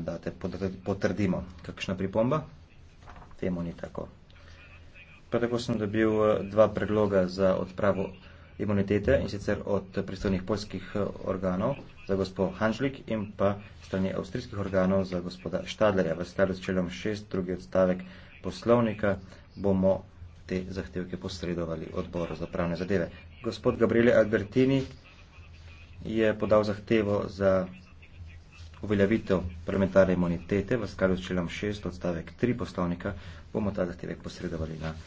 mandate potrdimo. Kakšna pripomba? Temu ni tako. Prav tako sem dobil eh, dva predloga za odpravo imunitete in sicer od pristojnih polskih eh, organov za gospod Hanžlik in pa strani avstrijskih organov za gospoda Štadlerja. V skladu s členom 6, drugi odstavek poslovnika bomo te zahtevke posredovali odboru za pravne zadeve. Gospod Gabriele Albertini je podal zahtevo za uveljavitev parlamentarne imunitete v skladu s členom 6 odstavek 3 poslovnika bomo ta zahtevek posredovali na